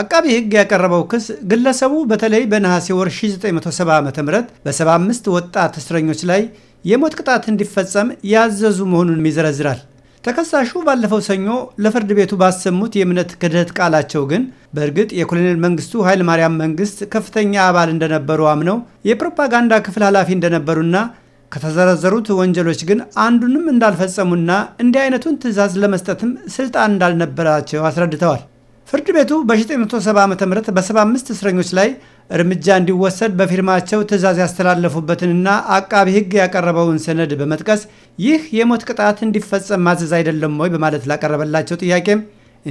አቃቢ ህግ ያቀረበው ክስ ግለሰቡ በተለይ በነሐሴ ወር 1970 ዓ ም በ75 ወጣት እስረኞች ላይ የሞት ቅጣት እንዲፈጸም ያዘዙ መሆኑን ይዘረዝራል። ተከሳሹ ባለፈው ሰኞ ለፍርድ ቤቱ ባሰሙት የእምነት ክህደት ቃላቸው ግን በእርግጥ የኮሎኔል መንግስቱ ኃይለማርያም መንግስት ከፍተኛ አባል እንደነበሩ አምነው የፕሮፓጋንዳ ክፍል ኃላፊ እንደነበሩና ከተዘረዘሩት ወንጀሎች ግን አንዱንም እንዳልፈጸሙና እንዲህ አይነቱን ትዕዛዝ ለመስጠትም ስልጣን እንዳልነበራቸው አስረድተዋል። ፍርድ ቤቱ በ1970 ዓ ም በ75 እስረኞች ላይ እርምጃ እንዲወሰድ በፊርማቸው ትዕዛዝ ያስተላለፉበትንና አቃቢ ሕግ ያቀረበውን ሰነድ በመጥቀስ ይህ የሞት ቅጣት እንዲፈጸም ማዘዝ አይደለም ወይ በማለት ላቀረበላቸው ጥያቄም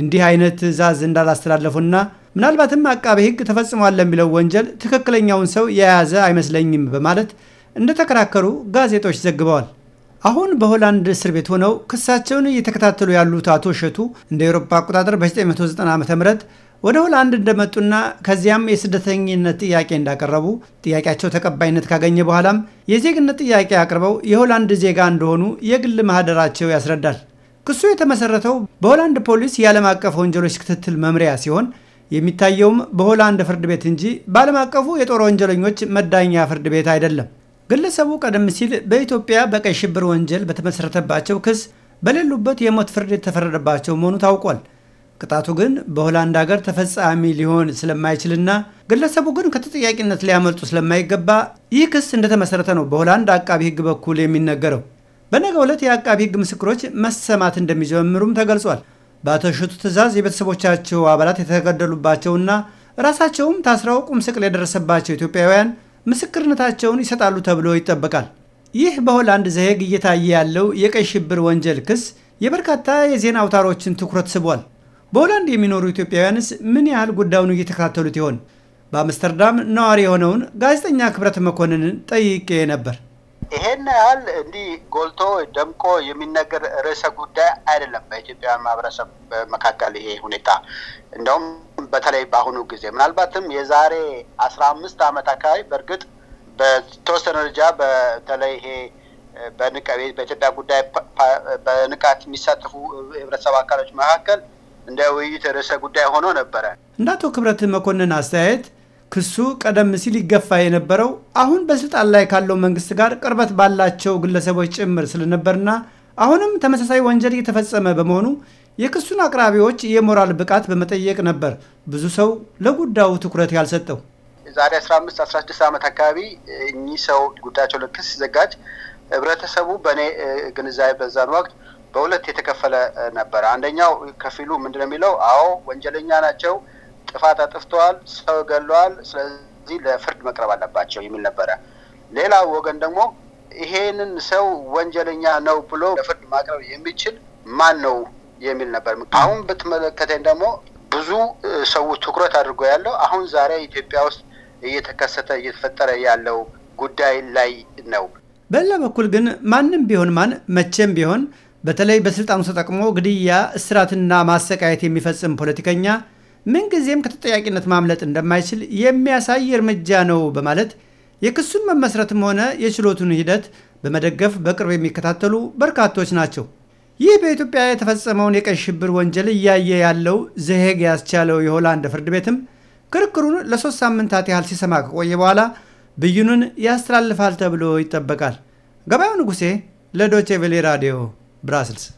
እንዲህ አይነት ትዕዛዝ እንዳላስተላለፉና ምናልባትም አቃቢ ሕግ ተፈጽሟል ለሚለው ወንጀል ትክክለኛውን ሰው የያዘ አይመስለኝም በማለት እንደተከራከሩ ጋዜጦች ዘግበዋል። አሁን በሆላንድ እስር ቤት ሆነው ክሳቸውን እየተከታተሉ ያሉት አቶ እሸቱ እንደ ኤሮፓ አቆጣጠር በ1990 ዓ ም ወደ ሆላንድ እንደመጡና ከዚያም የስደተኝነት ጥያቄ እንዳቀረቡ ጥያቄያቸው ተቀባይነት ካገኘ በኋላም የዜግነት ጥያቄ አቅርበው የሆላንድ ዜጋ እንደሆኑ የግል ማህደራቸው ያስረዳል። ክሱ የተመሰረተው በሆላንድ ፖሊስ የዓለም አቀፍ ወንጀሎች ክትትል መምሪያ ሲሆን የሚታየውም በሆላንድ ፍርድ ቤት እንጂ በዓለም አቀፉ የጦር ወንጀለኞች መዳኛ ፍርድ ቤት አይደለም። ግለሰቡ ቀደም ሲል በኢትዮጵያ በቀይ ሽብር ወንጀል በተመሰረተባቸው ክስ በሌሉበት የሞት ፍርድ የተፈረደባቸው መሆኑ ታውቋል። ቅጣቱ ግን በሆላንድ ሀገር ተፈጻሚ ሊሆን ስለማይችልና ግለሰቡ ግን ከተጠያቂነት ሊያመልጡ ስለማይገባ ይህ ክስ እንደተመሰረተ ነው በሆላንድ አቃቢ ሕግ በኩል የሚነገረው። በነገ ዕለት የአቃቢ ሕግ ምስክሮች መሰማት እንደሚጀምሩም ተገልጿል። በአቶ እሸቱ ትዕዛዝ የቤተሰቦቻቸው አባላት የተገደሉባቸውና ራሳቸውም ታስረው ቁም ስቅል የደረሰባቸው ኢትዮጵያውያን ምስክርነታቸውን ይሰጣሉ ተብሎ ይጠበቃል። ይህ በሆላንድ ዘሄግ እየታየ ያለው የቀይ ሽብር ወንጀል ክስ የበርካታ የዜና አውታሮችን ትኩረት ስቧል። በሆላንድ የሚኖሩ ኢትዮጵያውያንስ ምን ያህል ጉዳዩን እየተከታተሉት ይሆን? በአምስተርዳም ነዋሪ የሆነውን ጋዜጠኛ ክብረት መኮንንን ጠይቄ ነበር። ይሄን ያህል እንዲህ ጎልቶ ደምቆ የሚነገር ርዕሰ ጉዳይ አይደለም በኢትዮጵያውያን ማህበረሰብ መካከል ይሄ ሁኔታ እንደውም በተለይ በአሁኑ ጊዜ ምናልባትም የዛሬ አስራ አምስት ዓመት አካባቢ በእርግጥ በተወሰነ ደረጃ በተለይ ይሄ በኢትዮጵያ ጉዳይ በንቃት የሚሳተፉ ህብረተሰብ አካሎች መካከል እንደ ውይይት ርዕሰ ጉዳይ ሆኖ ነበረ። እንደ አቶ ክብረት መኮንን አስተያየት ክሱ ቀደም ሲል ይገፋ የነበረው አሁን በስልጣን ላይ ካለው መንግስት ጋር ቅርበት ባላቸው ግለሰቦች ጭምር ስለነበርና አሁንም ተመሳሳይ ወንጀል እየተፈጸመ በመሆኑ የክሱን አቅራቢዎች የሞራል ብቃት በመጠየቅ ነበር ብዙ ሰው ለጉዳዩ ትኩረት ያልሰጠው። ዛሬ 15 16 ዓመት አካባቢ እኚህ ሰው ጉዳያቸው ለክስ ዘጋጅ ህብረተሰቡ በእኔ ግንዛቤ በዛን ወቅት በሁለት የተከፈለ ነበር። አንደኛው ከፊሉ ምንድን ነው የሚለው አዎ ወንጀለኛ ናቸው፣ ጥፋት አጥፍተዋል፣ ሰው ገለዋል፣ ስለዚህ ለፍርድ መቅረብ አለባቸው የሚል ነበረ። ሌላው ወገን ደግሞ ይሄንን ሰው ወንጀለኛ ነው ብሎ ለፍርድ ማቅረብ የሚችል ማን ነው የሚል ነበር። አሁን ብትመለከተኝ ደግሞ ብዙ ሰው ትኩረት አድርጎ ያለው አሁን ዛሬ ኢትዮጵያ ውስጥ እየተከሰተ እየተፈጠረ ያለው ጉዳይ ላይ ነው። በሌላ በኩል ግን ማንም ቢሆን ማን መቼም ቢሆን በተለይ በስልጣኑ ተጠቅሞ ግድያ፣ እስራትና ማሰቃየት የሚፈጽም ፖለቲከኛ ምንጊዜም ከተጠያቂነት ማምለጥ እንደማይችል የሚያሳይ እርምጃ ነው በማለት የክሱን መመስረትም ሆነ የችሎቱን ሂደት በመደገፍ በቅርብ የሚከታተሉ በርካቶች ናቸው። ይህ በኢትዮጵያ የተፈጸመውን የቀይ ሽብር ወንጀል እያየ ያለው ዘሄግ ያስቻለው የሆላንድ ፍርድ ቤትም ክርክሩን ለሶስት ሳምንታት ያህል ሲሰማ ከቆየ በኋላ ብይኑን ያስተላልፋል ተብሎ ይጠበቃል። ገበያው ንጉሴ ለዶቼቬሌ ራዲዮ ብራስልስ